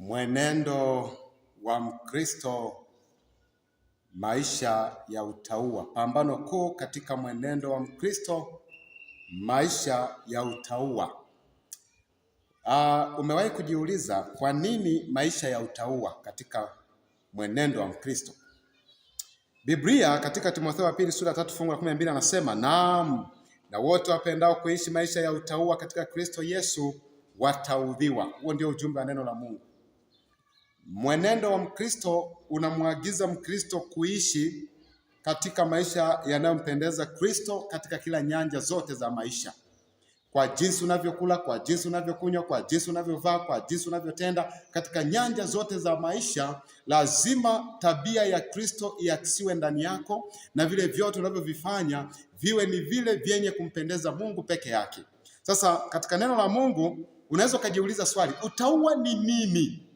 mwenendo wa Mkristo, maisha ya utaua Pambano kuu katika mwenendo wa Mkristo, maisha ya utaua Uh, ah, umewahi kujiuliza kwa nini maisha ya utaua katika mwenendo wa Mkristo? Biblia katika Timotheo wa pili sura tatu fungu la kumi na mbili anasema naam, na wote wapendao kuishi maisha ya utaua katika Kristo Yesu wataudhiwa. Huo ndio ujumbe wa neno la Mungu. Mwenendo wa Mkristo unamwagiza Mkristo kuishi katika maisha yanayompendeza Kristo katika kila nyanja zote za maisha, kwa jinsi unavyokula, kwa jinsi unavyokunywa, kwa jinsi unavyovaa, kwa jinsi unavyotenda katika nyanja zote za maisha. Lazima tabia ya Kristo iakisiwe ndani yako, na vile vyote unavyovifanya viwe ni vile vyenye kumpendeza Mungu peke yake. Sasa katika neno la Mungu unaweza ukajiuliza swali, utaua ni nini?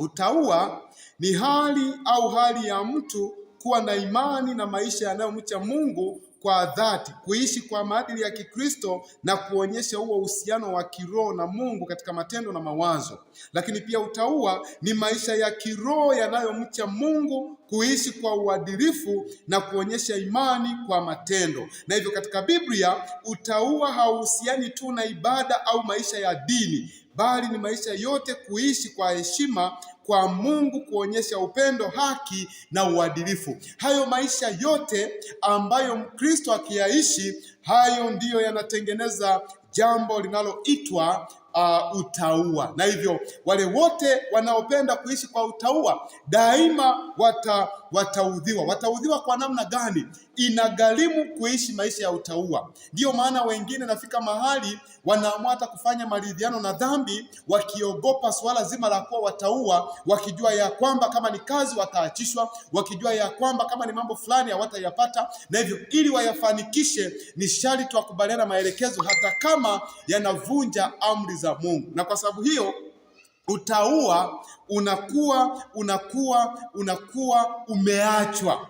Utaua ni hali au hali ya mtu kuwa na imani na maisha yanayomcha Mungu kwa dhati, kuishi kwa maadili ya Kikristo na kuonyesha huo uhusiano wa kiroho na Mungu katika matendo na mawazo. Lakini pia utaua ni maisha ya kiroho yanayomcha Mungu, kuishi kwa uadilifu na kuonyesha imani kwa matendo. Na hivyo katika Biblia utaua hauhusiani tu na ibada au maisha ya dini, bali ni maisha yote, kuishi kwa heshima kwa Mungu kuonyesha upendo, haki na uadilifu. Hayo maisha yote ambayo Mkristo akiyaishi, hayo ndiyo yanatengeneza jambo linaloitwa uh, utaua. na hivyo wale wote wanaopenda kuishi kwa utaua daima wata wataudhiwa. Wataudhiwa kwa namna gani? Inagharimu kuishi maisha ya utaua Ndiyo maana wengine nafika mahali wanaamua hata kufanya maridhiano na dhambi, wakiogopa suala zima la kuwa wataua wakijua ya kwamba kama ni kazi wataachishwa, wakijua ya kwamba kama ni mambo fulani hawatayapata, na hivyo ili wayafanikishe ni sharti wakubaliana maelekezo, hata kama yanavunja amri za Mungu, na kwa sababu hiyo utaua unakuwa unakuwa unakuwa umeachwa.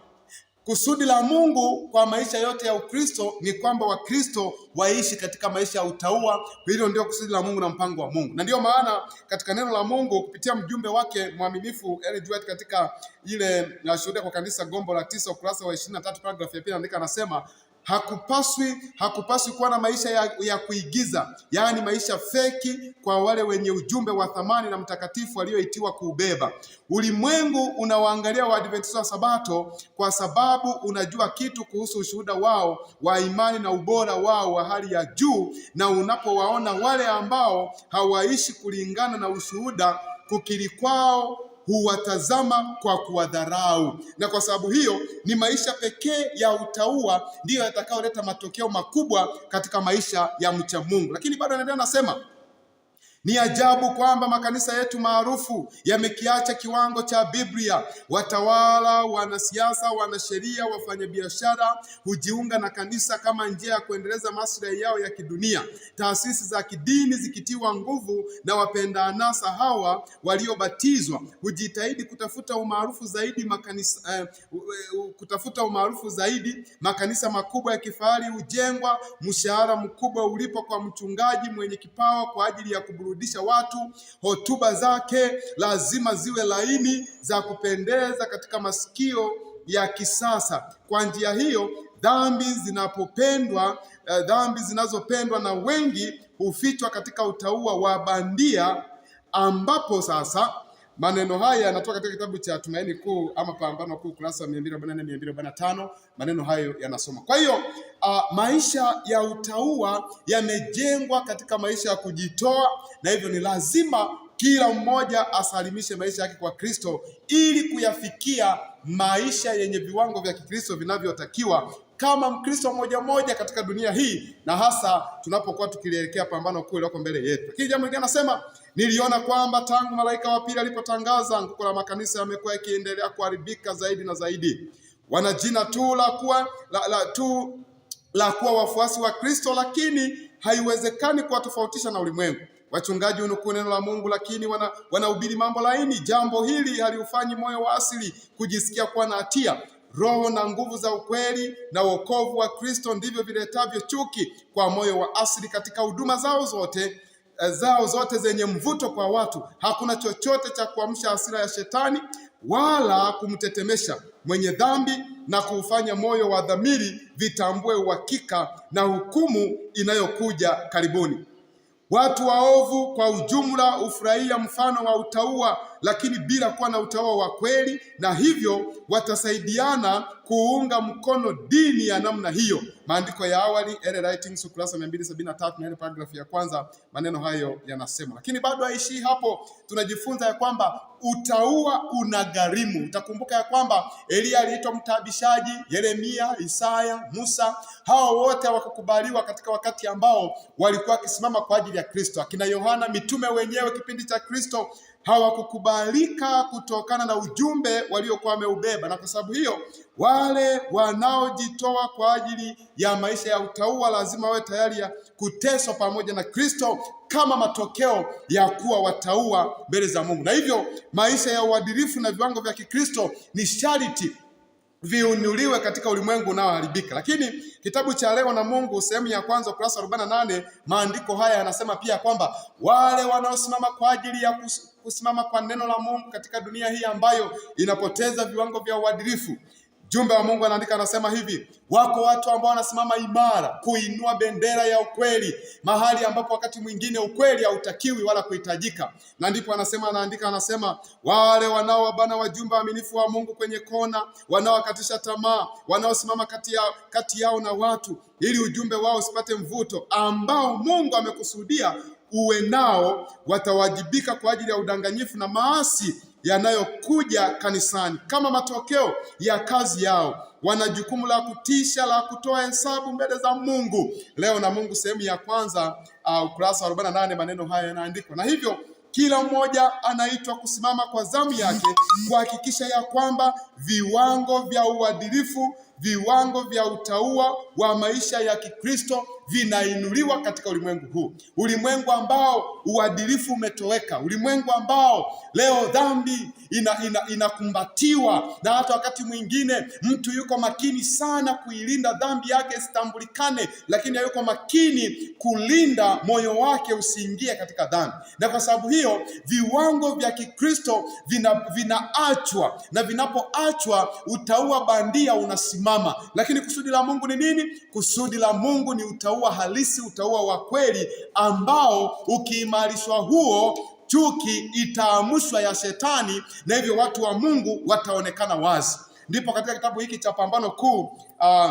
Kusudi la Mungu kwa maisha yote ya Ukristo ni kwamba Wakristo waishi katika maisha ya utaua. Hilo ndio kusudi la Mungu na mpango wa Mungu, na ndiyo maana katika neno la Mungu kupitia mjumbe wake mwaminifu Ellen G. White katika ile Shuhuda kwa Kanisa, gombo la tisa, ukurasa wa 23 paragrafu ya pili, anaandika anasema Hakupaswi, hakupaswi kuwa na maisha ya, ya kuigiza, yaani maisha feki kwa wale wenye ujumbe wa thamani na mtakatifu walioitiwa kuubeba. Ulimwengu unawaangalia Waadventista wa Sabato kwa sababu unajua kitu kuhusu ushuhuda wao wa imani na ubora wao wa hali ya juu, na unapowaona wale ambao hawaishi kulingana na ushuhuda kukiri kwao huwatazama kwa kuwadharau, na kwa sababu hiyo ni maisha pekee ya utaua ndiyo yatakayoleta matokeo makubwa katika maisha ya mcha Mungu. Lakini bado anaendelea anasema ni ajabu kwamba makanisa yetu maarufu yamekiacha kiwango cha Biblia. Watawala, wanasiasa, wanasheria, wafanyabiashara hujiunga na kanisa kama njia ya kuendeleza maslahi yao ya kidunia, taasisi za kidini zikitiwa nguvu na wapenda anasa hawa waliobatizwa hujitahidi kutafuta umaarufu zaidi makanisa, eh, eh kutafuta umaarufu zaidi. Makanisa makubwa ya kifahari hujengwa, mshahara mkubwa ulipo kwa mchungaji mwenye kipawa kwa ajili ya kuburudisha watu. Hotuba zake lazima ziwe laini, za kupendeza katika masikio ya kisasa. Kwa njia hiyo, dhambi zinapopendwa, eh, dhambi zinazopendwa na wengi hufichwa katika utaua wa bandia, ambapo sasa Maneno haya yanatoka katika kitabu cha Tumaini Kuu ama Pambano Kuu, kurasa 244 245. Maneno hayo yanasoma. Kwa hiyo uh, maisha ya utaua yamejengwa katika maisha ya kujitoa, na hivyo ni lazima kila mmoja asalimishe maisha yake kwa Kristo ili kuyafikia maisha yenye viwango vya Kikristo vinavyotakiwa kama Mkristo moja moja katika dunia hii, na hasa tunapokuwa tukielekea pambano kuu lililoko mbele yetu. Lakini jambo lingine anasema, niliona kwamba tangu malaika wa pili alipotangaza anguko la makanisa yamekuwa yakiendelea kuharibika zaidi na zaidi. Wana jina tu la kuwa la, la, tu la kuwa wafuasi wa Kristo, lakini haiwezekani kuwatofautisha na ulimwengu. Wachungaji unukuu neno la Mungu, lakini wanahubiri wana mambo laini. Jambo hili haliufanyi moyo wa asili kujisikia kuwa na hatia roho na nguvu za ukweli na wokovu wa Kristo ndivyo viletavyo chuki kwa moyo wa asili katika huduma zao zote eh, zao zote zenye mvuto kwa watu. Hakuna chochote cha kuamsha hasira ya shetani wala kumtetemesha mwenye dhambi na kuufanya moyo wa dhamiri vitambue uhakika na hukumu inayokuja karibuni. Watu waovu kwa ujumla hufurahia mfano wa utaua lakini bila kuwa na utawa wa kweli, na hivyo watasaidiana kuunga mkono dini ya namna hiyo. Maandiko ya awali Early Writings ukurasa 273 na ile paragrafu ya kwanza, maneno hayo yanasema. Lakini bado haishii hapo, tunajifunza ya kwamba utaua una gharimu Utakumbuka ya kwamba Eliya aliitwa mtabishaji, Yeremia, Isaya, Musa, hao wote wakakubaliwa katika wakati ambao walikuwa wakisimama kwa ajili ya Kristo, akina Yohana mitume wenyewe kipindi cha Kristo hawakukubalika kutokana na ujumbe waliokuwa wameubeba, na kwa sababu hiyo wale wanaojitoa kwa ajili ya maisha ya utauwa lazima wawe tayari ya kuteswa pamoja na Kristo kama matokeo ya kuwa watauwa mbele za Mungu. Na hivyo maisha ya uadilifu na viwango vya Kikristo ni sharti viunuliwe katika ulimwengu unaoharibika. Lakini kitabu cha Leo na Mungu sehemu ya kwanza ukurasa 48, maandiko haya yanasema pia kwamba wale wanaosimama kwa ajili ya kusimama kwa neno la Mungu katika dunia hii ambayo inapoteza viwango vya uadilifu. Jumbe wa Mungu anaandika anasema hivi, wako watu ambao wanasimama imara kuinua bendera ya ukweli mahali ambapo wakati mwingine ukweli hautakiwi wala kuhitajika. Na ndipo anasema anaandika anasema, wale wanaowabana wajumbe waaminifu wa Mungu kwenye kona, wanaokatisha tamaa, wanaosimama kati ya kati yao na watu ili ujumbe wao usipate mvuto ambao Mungu amekusudia uwe nao watawajibika kwa ajili ya udanganyifu na maasi yanayokuja kanisani. Kama matokeo ya kazi yao, wana jukumu la kutisha la kutoa hesabu mbele za Mungu. Leo na Mungu, sehemu ya kwanza, uh, ukurasa wa 48, maneno haya yanaandikwa na hivyo kila mmoja anaitwa kusimama kwa zamu yake kuhakikisha ya kwamba viwango vya uadilifu, viwango vya utaua wa maisha ya Kikristo vinainuliwa katika ulimwengu huu, ulimwengu ambao uadilifu umetoweka, ulimwengu ambao leo dhambi inakumbatiwa ina, ina na hata wakati mwingine mtu yuko makini sana kuilinda dhambi yake isitambulikane, lakini hayuko makini kulinda moyo wake usiingie katika dhambi. Na kwa sababu hiyo viwango vya Kikristo vinaachwa, vina na vinapoachwa utaua bandia unasimama. Lakini kusudi la Mungu ni nini? Kusudi la Mungu ni utaua utaua halisi, utaua wa kweli ambao ukiimarishwa huo chuki itaamshwa ya shetani, na hivyo watu wa Mungu wataonekana wazi. Ndipo katika kitabu hiki cha Pambano Kuu uh,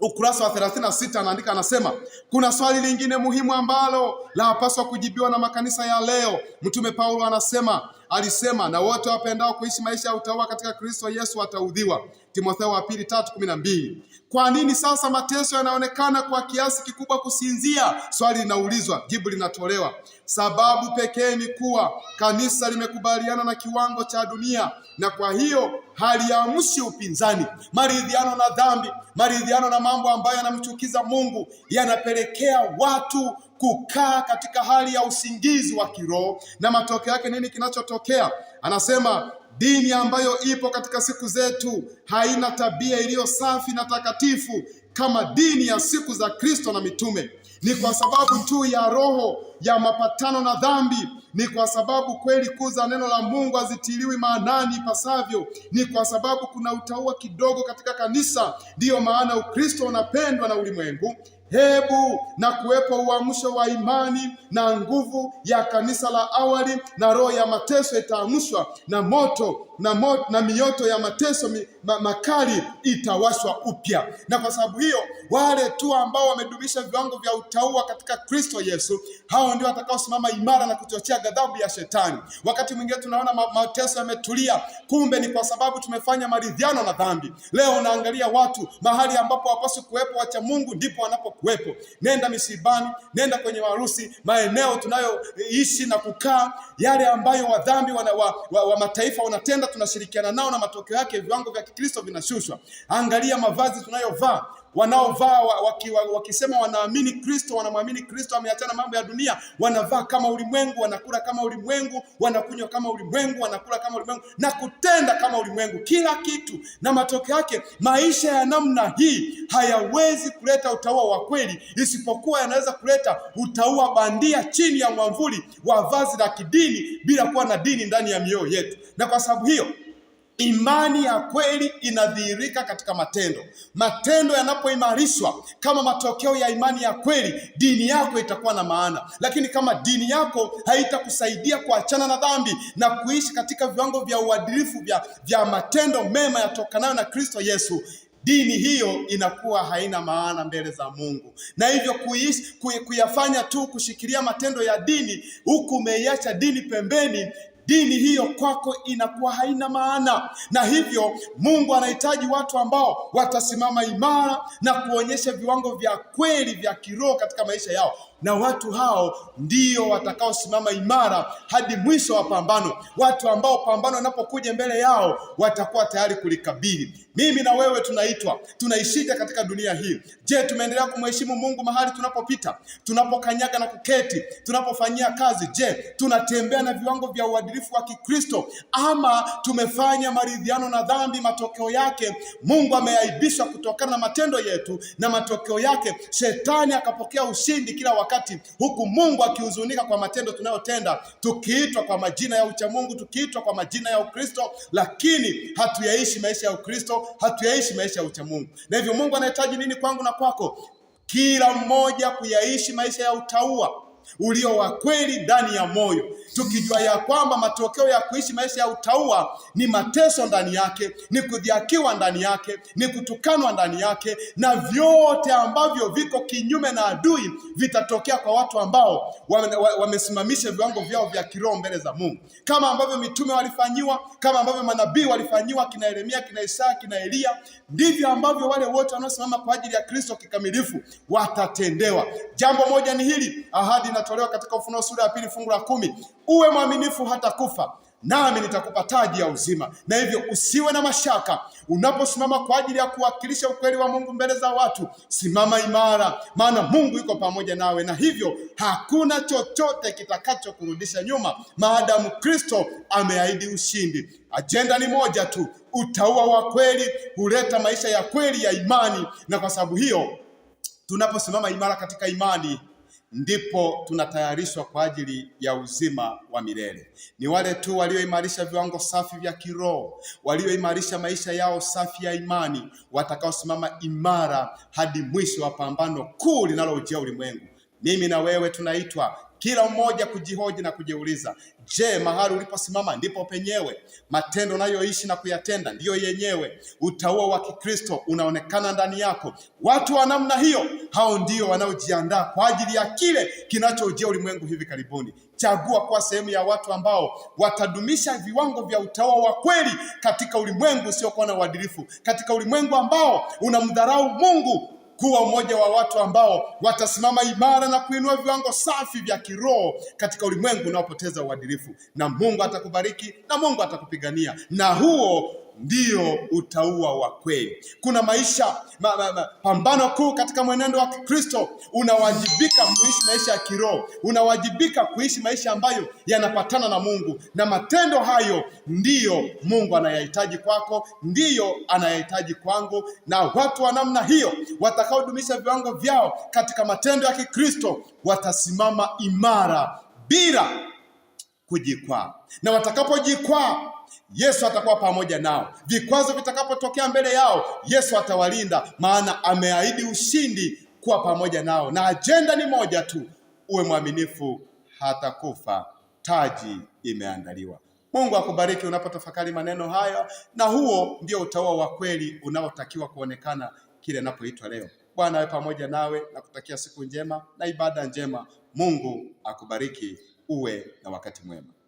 ukurasa wa 36 anaandika, anasema kuna swali lingine muhimu ambalo lapaswa kujibiwa na makanisa ya leo. Mtume Paulo anasema alisema, na wote wapendao kuishi maisha ya utaua katika Kristo Yesu wataudhiwa. Timotheo wa pili tatu kumi na mbili. Kwa nini sasa mateso yanaonekana kwa kiasi kikubwa kusinzia? Swali linaulizwa, jibu linatolewa. Sababu pekee ni kuwa kanisa limekubaliana na kiwango cha dunia, na kwa hiyo haliamshi upinzani. Maridhiano na dhambi, maridhiano na mambo ambayo yanamchukiza Mungu yanapelekea watu kukaa katika hali ya usingizi wa kiroho, na matokeo yake nini kinachotokea? Anasema dini ambayo ipo katika siku zetu haina tabia iliyo safi na takatifu kama dini ya siku za Kristo na mitume. Ni kwa sababu tu ya roho ya mapatano na dhambi, ni kwa sababu kweli kuu za neno la Mungu hazitiliwi maanani ipasavyo, ni kwa sababu kuna utaua kidogo katika kanisa. Ndiyo maana Ukristo unapendwa na ulimwengu, hebu na kuwepo uamsho wa imani na nguvu ya kanisa la awali, na roho ya mateso itaamshwa na moto na, mo, na mioto ya mateso mi, ma, makali itawashwa upya. Na kwa sababu hiyo wale tu ambao wamedumisha viwango vya utaua katika Kristo Yesu, hao ndio watakaosimama imara na kuchochea ghadhabu ya Shetani. Wakati mwingine tunaona mateso yametulia, kumbe ni kwa sababu tumefanya maridhiano na dhambi. Leo unaangalia watu mahali ambapo hawapaswi kuwepo, wacha Mungu ndipo wanapokuwepo. Nenda misibani, nenda kwenye harusi, maeneo tunayoishi na kukaa, yale ambayo wadhambi wa, wa, wa, wa mataifa wanatenda tunashirikiana nao na matokeo yake viwango vya Kikristo vinashushwa. Angalia mavazi tunayovaa wanaovaa wakiwa, wakisema wanaamini Kristo, wanamwamini Kristo, wameachana mambo ya dunia, wanavaa kama ulimwengu, wanakula kama ulimwengu, wanakunywa kama ulimwengu, wanakula kama ulimwengu na kutenda kama ulimwengu, kila kitu. Na matokeo yake maisha ya namna hii hayawezi kuleta utaua wa kweli, isipokuwa yanaweza kuleta utaua bandia chini ya mwamvuli wa vazi la kidini bila kuwa na dini ndani ya mioyo yetu, na kwa sababu hiyo Imani ya kweli inadhihirika katika matendo. Matendo yanapoimarishwa kama matokeo ya imani ya kweli, dini yako itakuwa na maana. Lakini kama dini yako haitakusaidia kuachana na dhambi na kuishi katika viwango vya uadilifu vya, vya matendo mema yatokanayo na Kristo Yesu, dini hiyo inakuwa haina maana mbele za Mungu, na hivyo kuishi, kuyafanya tu kushikilia matendo ya dini huku umeiacha dini pembeni, dini hiyo kwako inakuwa haina maana, na hivyo Mungu anahitaji watu ambao watasimama imara na kuonyesha viwango vya kweli vya kiroho katika maisha yao na watu hao ndio watakaosimama imara hadi mwisho wa pambano, watu ambao pambano wanapokuja mbele yao watakuwa tayari kulikabili. Mimi na wewe tunaitwa, tunaishija katika dunia hii. Je, tumeendelea kumheshimu Mungu mahali tunapopita, tunapokanyaga na kuketi, tunapofanyia kazi? Je, tunatembea na viwango vya uadilifu wa Kikristo ama tumefanya maridhiano na dhambi? Matokeo yake Mungu ameaibishwa kutokana na matendo yetu, na matokeo yake shetani akapokea ushindi kila wakati wakati, huku Mungu akihuzunika kwa matendo tunayotenda, tukiitwa kwa majina ya uchamungu, tukiitwa kwa majina ya Ukristo, lakini hatuyaishi maisha ya Ukristo, hatuyaishi maisha ya uchamungu. Na hivyo Mungu anahitaji nini kwangu na kwako? Kila mmoja kuyaishi maisha ya utaua ulio wa kweli ndani ya moyo, tukijua ya kwamba matokeo ya kuishi maisha ya utauwa ni mateso ndani yake, ni kudhiakiwa ndani yake, ni kutukanwa ndani yake, na vyote ambavyo viko kinyume na adui vitatokea kwa watu ambao wamesimamisha wame viwango vyao vya kiroho mbele za Mungu, kama ambavyo mitume walifanyiwa, kama ambavyo manabii walifanyiwa, kina Yeremia, kina Isaya, kina Eliya, ndivyo ambavyo wale wote wanaosimama kwa ajili ya Kristo kikamilifu watatendewa. Jambo moja ni hili, ahadi inatolewa katika Ufunuo sura ya pili fungu la kumi, uwe mwaminifu hata kufa nami nitakupa taji ya uzima. Na hivyo usiwe na mashaka unaposimama kwa ajili ya kuwakilisha ukweli wa Mungu mbele za watu. Simama imara, maana Mungu yuko pamoja nawe, na hivyo hakuna chochote kitakachokurudisha nyuma, maadamu Kristo ameahidi ushindi. Ajenda ni moja tu, utaua wa kweli huleta maisha ya kweli ya imani, na kwa sababu hiyo tunaposimama imara katika imani ndipo tunatayarishwa kwa ajili ya uzima wa milele. Ni wale tu walioimarisha viwango safi vya kiroho, walioimarisha maisha yao safi ya imani, watakaosimama imara hadi mwisho wa pambano kuu linaloujia ulimwengu. Mimi na wewe tunaitwa kila mmoja kujihoji na kujiuliza, Je, mahali uliposimama ndipo penyewe? Matendo unayoishi na kuyatenda ndiyo yenyewe. Utaua wa Kikristo unaonekana ndani yako. Watu wa namna hiyo, hao ndio wanaojiandaa kwa ajili ya kile kinachoujia ulimwengu hivi karibuni. Chagua kuwa sehemu ya watu ambao watadumisha viwango vya utawa wa kweli katika ulimwengu usiokuwa na uadilifu, katika ulimwengu ambao unamdharau Mungu kuwa mmoja wa watu ambao watasimama imara na kuinua viwango safi vya kiroho katika ulimwengu unaopoteza uadilifu, na Mungu atakubariki na Mungu atakupigania na huo ndio utaua wa kweli. Kuna maisha ma, ma, ma, pambano kuu katika mwenendo wa kikristo Unawajibika kuishi maisha ya kiroho, unawajibika kuishi maisha ambayo yanapatana na Mungu, na matendo hayo ndiyo Mungu anayahitaji kwako, ndiyo anayahitaji kwangu, na watu wa namna hiyo watakaodumisha viwango vyao katika matendo ya Kikristo watasimama imara bila kujikwaa, na watakapojikwaa Yesu atakuwa pamoja nao. Vikwazo vitakapotokea mbele yao, Yesu atawalinda, maana ameahidi ushindi kuwa pamoja nao, na ajenda ni moja tu, uwe mwaminifu hata kufa, taji imeandaliwa. Mungu akubariki unapotafakari maneno haya, na huo ndio utaua wa kweli unaotakiwa kuonekana kile anapoitwa leo. Bwana awe pamoja nawe na kutakia siku njema na ibada njema. Mungu akubariki, uwe na wakati mwema.